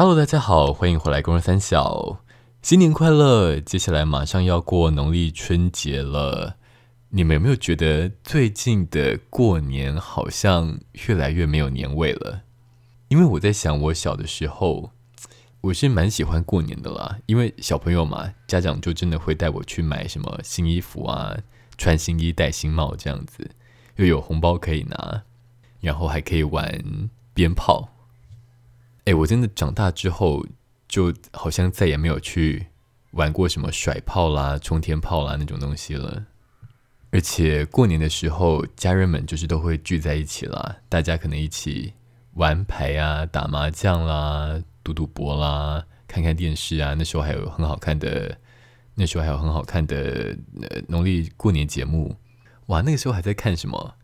Hello，大家好，歡迎回來，工人三小，新年快樂！接下來馬上要過農曆春節了，你們有沒有覺得最近的過年好像越來越沒有年味了？因為我在想，我小的時候，我是蠻喜歡過年的啦，因為小朋友嘛，家長就真的會帶我去買什麼新衣服啊，穿新衣、戴新帽這樣子，又有紅包可以拿，然後還可以玩鞭炮。哎，我真的長大之後，就好像再也沒有去玩過什麼甩炮啦、沖天炮啦那種東西了。而且過年的時候，家人們就是都會聚在一起啦，大家可能一起玩牌啊、打麻將啦、賭賭博啦、看看電視啊。那時候還有很好看的，那時候還有很好看的、呃、農曆過年節目。哇，那個時候還在看什麼？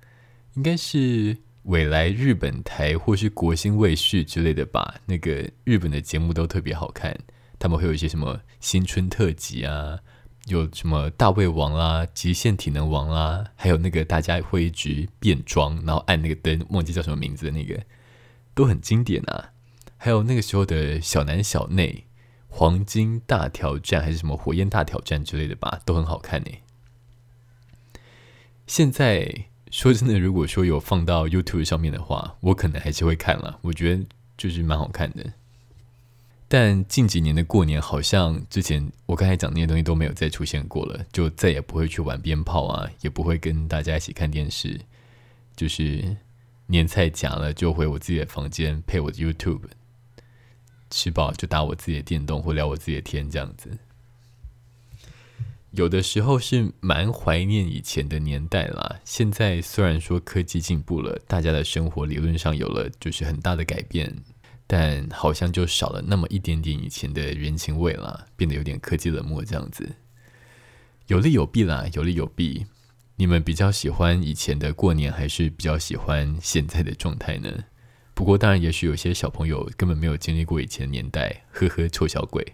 應該是。未來日本台或是國興衛視之類的吧，那個日本的節目都特別好看。他們會有一些什麼新春特輯啊，有什麼大胃王啦、啊、極限體能王啦、啊，還有那個大家會一直變裝，然後按那個燈，忘記叫什麼名字的那個，都很經典啊。還有那個時候的小南小內黃金大挑戰，還是什麼火焰大挑戰之類的吧，都很好看呢。現在。說真的，如果說有放到 YouTube 上面的話，我可能還是會看了。我覺得就是蠻好看的。但近幾年的過年，好像之前我剛才講的那些東西都沒有再出現過了，就再也不會去玩鞭炮啊，也不會跟大家一起看電視，就是年菜夾了，就回我自己的房間配我的 YouTube，吃飽就打我自己的電動或聊我自己的天這樣子。有的時候是蠻懷念以前的年代啦。現在雖然說科技進步了，大家的生活理論上有了就是很大的改變，但好像就少了那麼一點點以前的人情味啦，變得有點科技冷漠這樣子。有利有弊啦，有利有弊。你們比較喜歡以前的過年，還是比較喜歡現在的狀態呢？不過當然，也許有些小朋友根本沒有經歷過以前的年代，呵呵，臭小鬼。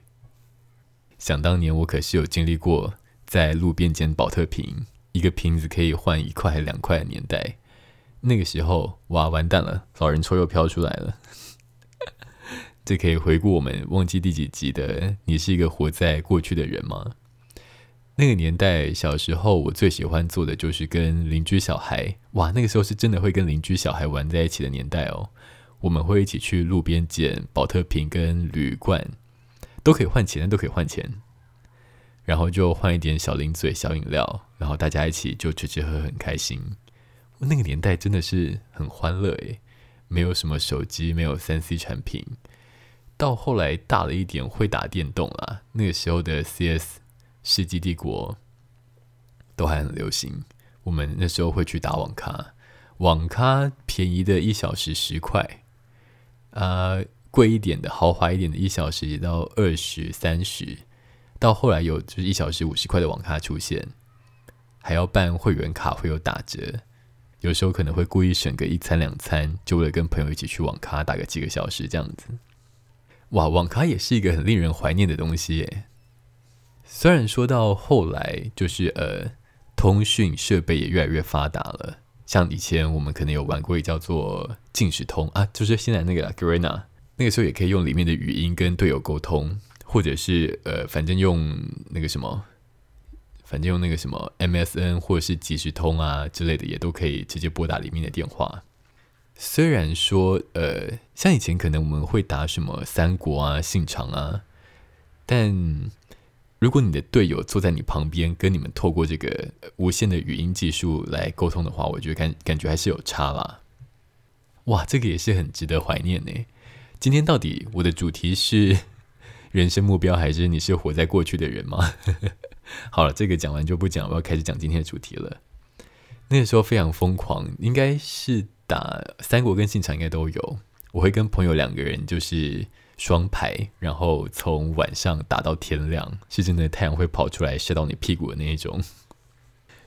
想當年，我可是有經歷過。在路邊撿寶特瓶，一個瓶子可以換一塊兩塊的年代。那個時候，哇，完蛋了，老人抽又飄出來了。 這可以回顧我們忘記第幾集的。你是一個活在過去的人嗎？那個年代，小時候我最喜歡做的就是跟鄰居小孩。哇，那個時候是真的會跟鄰居小孩玩在一起的年代哦。我們會一起去路邊撿寶特瓶跟鋁罐，都可以換錢，都可以換錢。然後就換一點小零嘴、小飲料，然後大家一起就吃吃喝喝，很開心。那個年代真的是很歡樂誒，沒有什麼手機，沒有三 C 產品。到後來大了一點，會打電動啦。那個時候的 CS、世紀帝國都還很流行。我們那時候會去打網咖，網咖便宜的一小時十塊，啊、呃，貴一點的、豪華一點的，一小時也到二十三十。到後來有就是一小時五十塊的網咖出現，還要辦會員卡會有打折，有時候可能會故意省個一餐兩餐，就為了跟朋友一起去網咖打個幾個小時這樣子。哇，網咖也是一個很令人懷念的東西耶。雖然說到後來就是呃通訊設備也越來越發達了，像以前我們可能有玩過也叫做即時通啊，就是現在那個啦，Garena，那個時候也可以用裡面的語音跟隊友溝通。或者是呃，反正用那個什麼，反正用那個什麼 MSN 或者是即時通啊之類的，也都可以直接撥打裡面的電話。雖然說呃，像以前可能我們會打什麼三國啊、信長啊，但如果你的隊友坐在你旁邊，跟你們透過這個無線的語音技術來溝通的話，我覺得感感覺還是有差啦。哇，這個也是很值得懷念呢。今天到底我的主題是？人生目標還是你是活在過去的人嗎？ 好了，這個講完就不講，我要開始講今天的主題了。那個時候非常瘋狂，應該是打三國跟信長應該都有。我會跟朋友兩個人就是雙排，然後從晚上打到天亮，是真的太陽會跑出來曬到你屁股的那一種。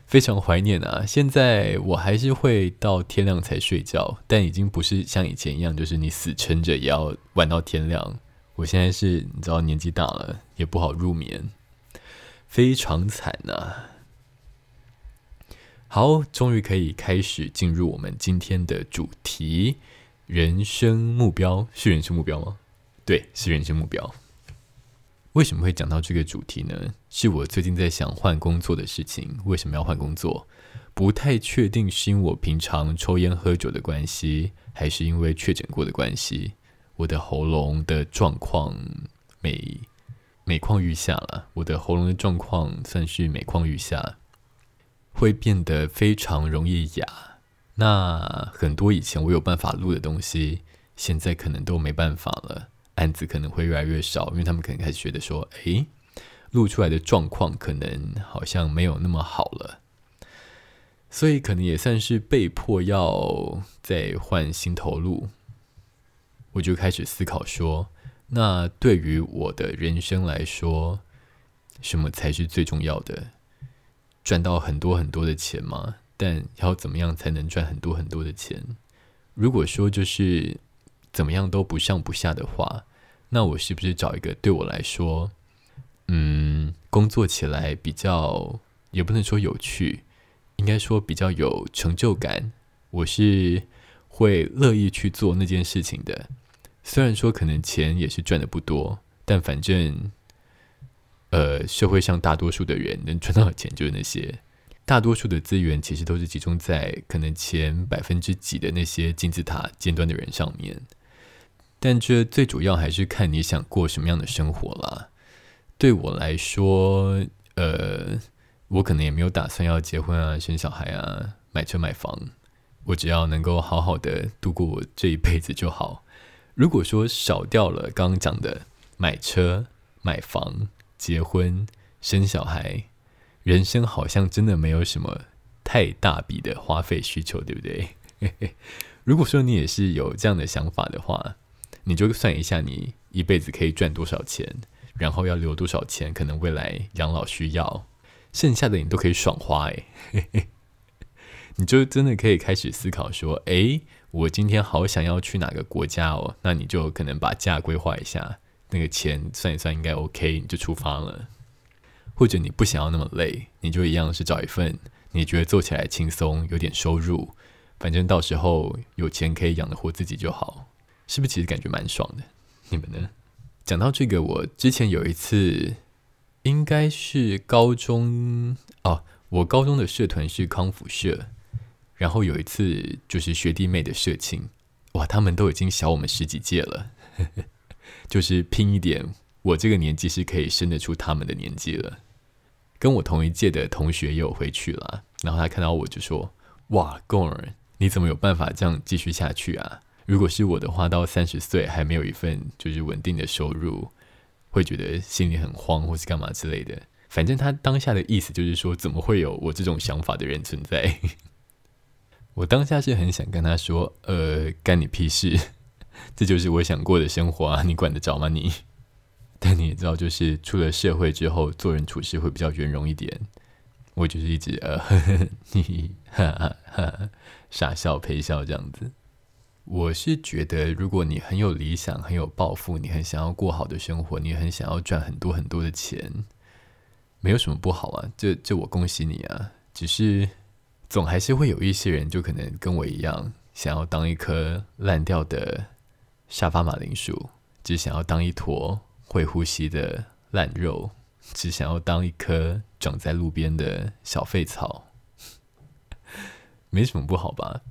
非常懷念啊！現在我還是會到天亮才睡覺，但已經不是像以前一樣，就是你死撐着也要玩到天亮。我現在是，你知道，年紀大了也不好入眠，非常慘吶、啊。好，終於可以開始進入我們今天的主題。人生目標，是人生目標嗎？對，是人生目標。為什麼會講到這個主題呢？是我最近在想換工作的事情。為什麼要換工作？不太確定，是因為我平常抽菸喝酒的關係，還是因為確診過的關係？我的喉嚨的狀況每每況愈下了，我的喉嚨的狀況算是每況愈下，會變得非常容易啞。那很多以前我有辦法錄的東西，現在可能都沒辦法了，案子可能會越來越少，因為他們可能開始覺得說：“哎、欸，錄出來的狀況可能好像沒有那麼好了。”所以可能也算是被迫要再換新頭路。我就開始思考說，那對於我的人生來說，什麼才是最重要的？賺到很多很多的錢嗎？但要怎麼樣才能賺很多很多的錢？如果說就是怎麼樣都不上不下的話，那我是不是找一個對我來說，嗯，工作起來比較，也不能說有趣，應該說比較有成就感，我是會樂意去做那件事情的。雖然說可能錢也是賺的不多，但反正，呃，社會上大多數的人能賺到的錢就是那些， 大多數的資源其實都是集中在可能前百分之幾的那些金字塔尖端的人上面。但這最主要還是看你想過什麼樣的生活啦。對我來說，呃，我可能也沒有打算要結婚啊、生小孩啊、買車買房，我只要能夠好好的度過我這一輩子就好。如果說少掉了剛剛講的買車、買房、結婚、生小孩，人生好像真的沒有什麼太大筆的花費需求，對不對？ 如果說你也是有這樣的想法的話，你就算一下你一輩子可以賺多少錢，然後要留多少錢，可能未來養老需要，剩下的你都可以爽花誒， 你就真的可以開始思考說，誒。我今天好想要去哪個國家哦，那你就可能把假規劃一下，那個錢算一算應該 OK，你就出發了。或者你不想要那麼累，你就一樣是找一份你覺得做起來輕鬆、有點收入，反正到時候有錢可以養得活自己就好，是不是？其實感覺蠻爽的。你們呢？講到這個，我之前有一次，應該是高中哦，我高中的社團是康輔社。然後有一次就是學弟妹的事情。哇，他們都已經小我們十幾屆了，呵呵，就是拼一點我這個年紀是可以生得出他們的年紀了。跟我同一屆的同學也有回去了，然後他看到我就說：“哇 Gorn 你怎麼有辦法這樣繼續下去啊？如果是我的話，到三十歲還沒有一份就是穩定的收入，會覺得心裡很慌，或是幹嘛之類的。反正他當下的意思就是說，怎麼會有我這種想法的人存在？”我當下是很想跟他說：“呃，幹你屁事！這就是我想過的生活啊，你管得着嗎你？”但你也知道，就是出了社會之後，做人處事會比較圓融一點。我就是一直呃，呵呵你哈哈，哈，哈傻笑陪笑這樣子。我是覺得，如果你很有理想、很有抱負，你很想要過好的生活，你很想要賺很多很多的錢，沒有什麼不好啊！就就我恭喜你啊！只是。總還是會有一些人，就可能跟我一樣，想要當一顆爛掉的沙發馬鈴薯，只想要當一坨會呼吸的爛肉，只想要當一顆長在路邊的小廢草，沒什麼不好吧？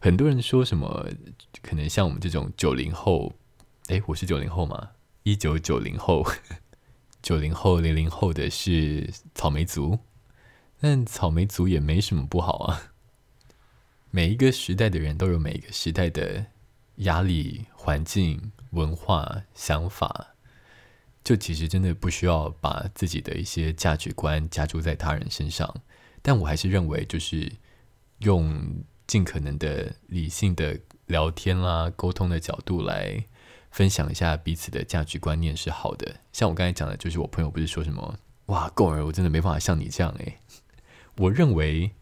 很多人說什麼，可能像我們這種九零後，誒，我是九零後嗎？一九九零後，九零後、零零後的是草莓族。但草莓族也沒什麼不好啊。每一個時代的人都有每一個時代的壓力、環境、文化、想法，就其實真的不需要把自己的一些價值觀加注在他人身上。但我還是認為，就是用盡可能的理性的聊天啦、溝通的角度來分享一下彼此的價值觀念是好的。像我剛才講的，就是我朋友不是說什麼“哇，過兒，我真的沒辦法像你這樣誒、欸。我認為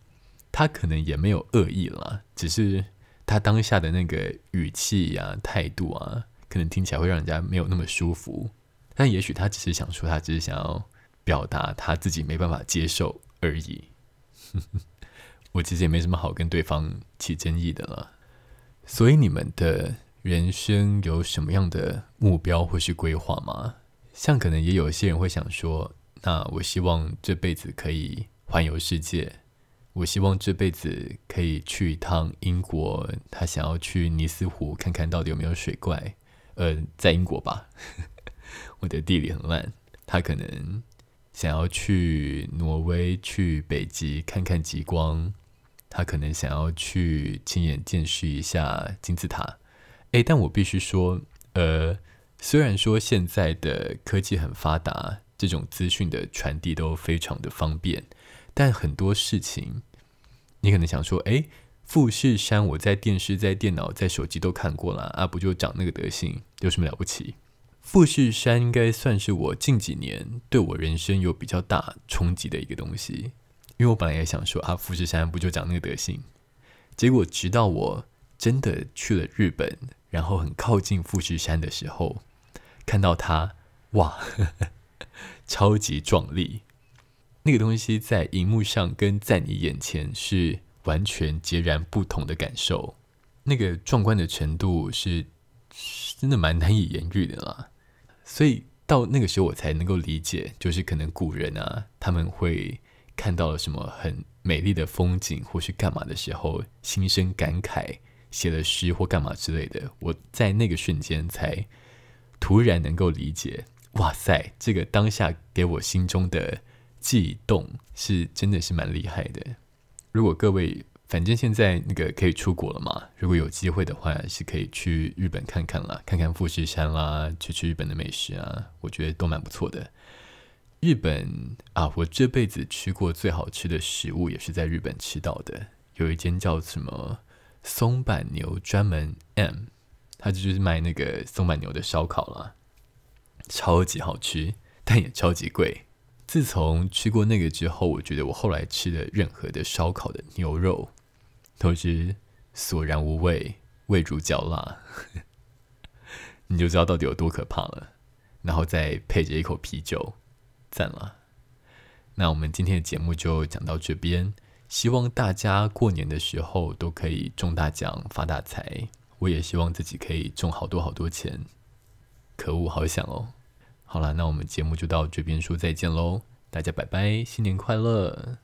他可能也沒有惡意了，只是他當下的那個語氣啊、態度啊，可能聽起來會讓人家沒有那麼舒服。但也許他只是想說，他只是想要表達他自己沒辦法接受而已。 我其實也沒什麼好跟對方起爭議的了。所以你們的人生有什麼樣的目標或是規劃嗎？像可能也有一些人會想說，那我希望這輩子可以。環遊世界，我希望這輩子可以去一趟英國。他想要去尼斯湖看看到底有沒有水怪，呃，在英國吧， 我的地理很爛。他可能想要去挪威，去北極看看極光。他可能想要去親眼見識一下金字塔。誒、欸，但我必須說，呃，雖然說現在的科技很發達，這種資訊的傳遞都非常的方便。但很多事情，你可能想說：“哎，富士山，我在電視、在電腦、在手機都看過了啊，不就長那個德性，有什麼了不起？”富士山應該算是我近幾年對我人生有比較大衝擊的一個東西，因為我本來也想說：“啊，富士山不就長那個德性？”結果直到我真的去了日本，然後很靠近富士山的時候，看到它，哇呵呵，超級壯麗。那個東西在熒幕上跟在你眼前是完全截然不同的感受，那個壯觀的程度是，是真的蠻難以言喻的啦。所以到那個時候我才能夠理解，就是可能古人啊他們會看到了什麼很美麗的風景或是幹嘛的時候，心生感慨，寫了詩或幹嘛之類的。我在那個瞬間才突然能夠理解，哇塞，這個當下給我心中的。悸動是真的是蠻厲害的。如果各位，反正現在那個可以出國了嘛，如果有機會的話，是可以去日本看看啦，看看富士山啦，去吃日本的美食啊，我覺得都蠻不錯的。日本啊，我這輩子吃過最好吃的食物也是在日本吃到的，有一間叫什麼松阪牛專門 M，它就是賣那個松阪牛的燒烤啦，超級好吃，但也超級貴。自從吃過那個之後，我覺得我後來吃的任何的燒烤的牛肉都是索然無味、味如嚼蠟， 你就知道到底有多可怕了。然後再配着一口啤酒，讚了。那我們今天的節目就講到這邊，希望大家過年的時候都可以中大獎發大財，我也希望自己可以中好多好多錢。可惡，好想哦。好啦，那我們節目就到這邊說再見嘍，大家拜拜，新年快樂！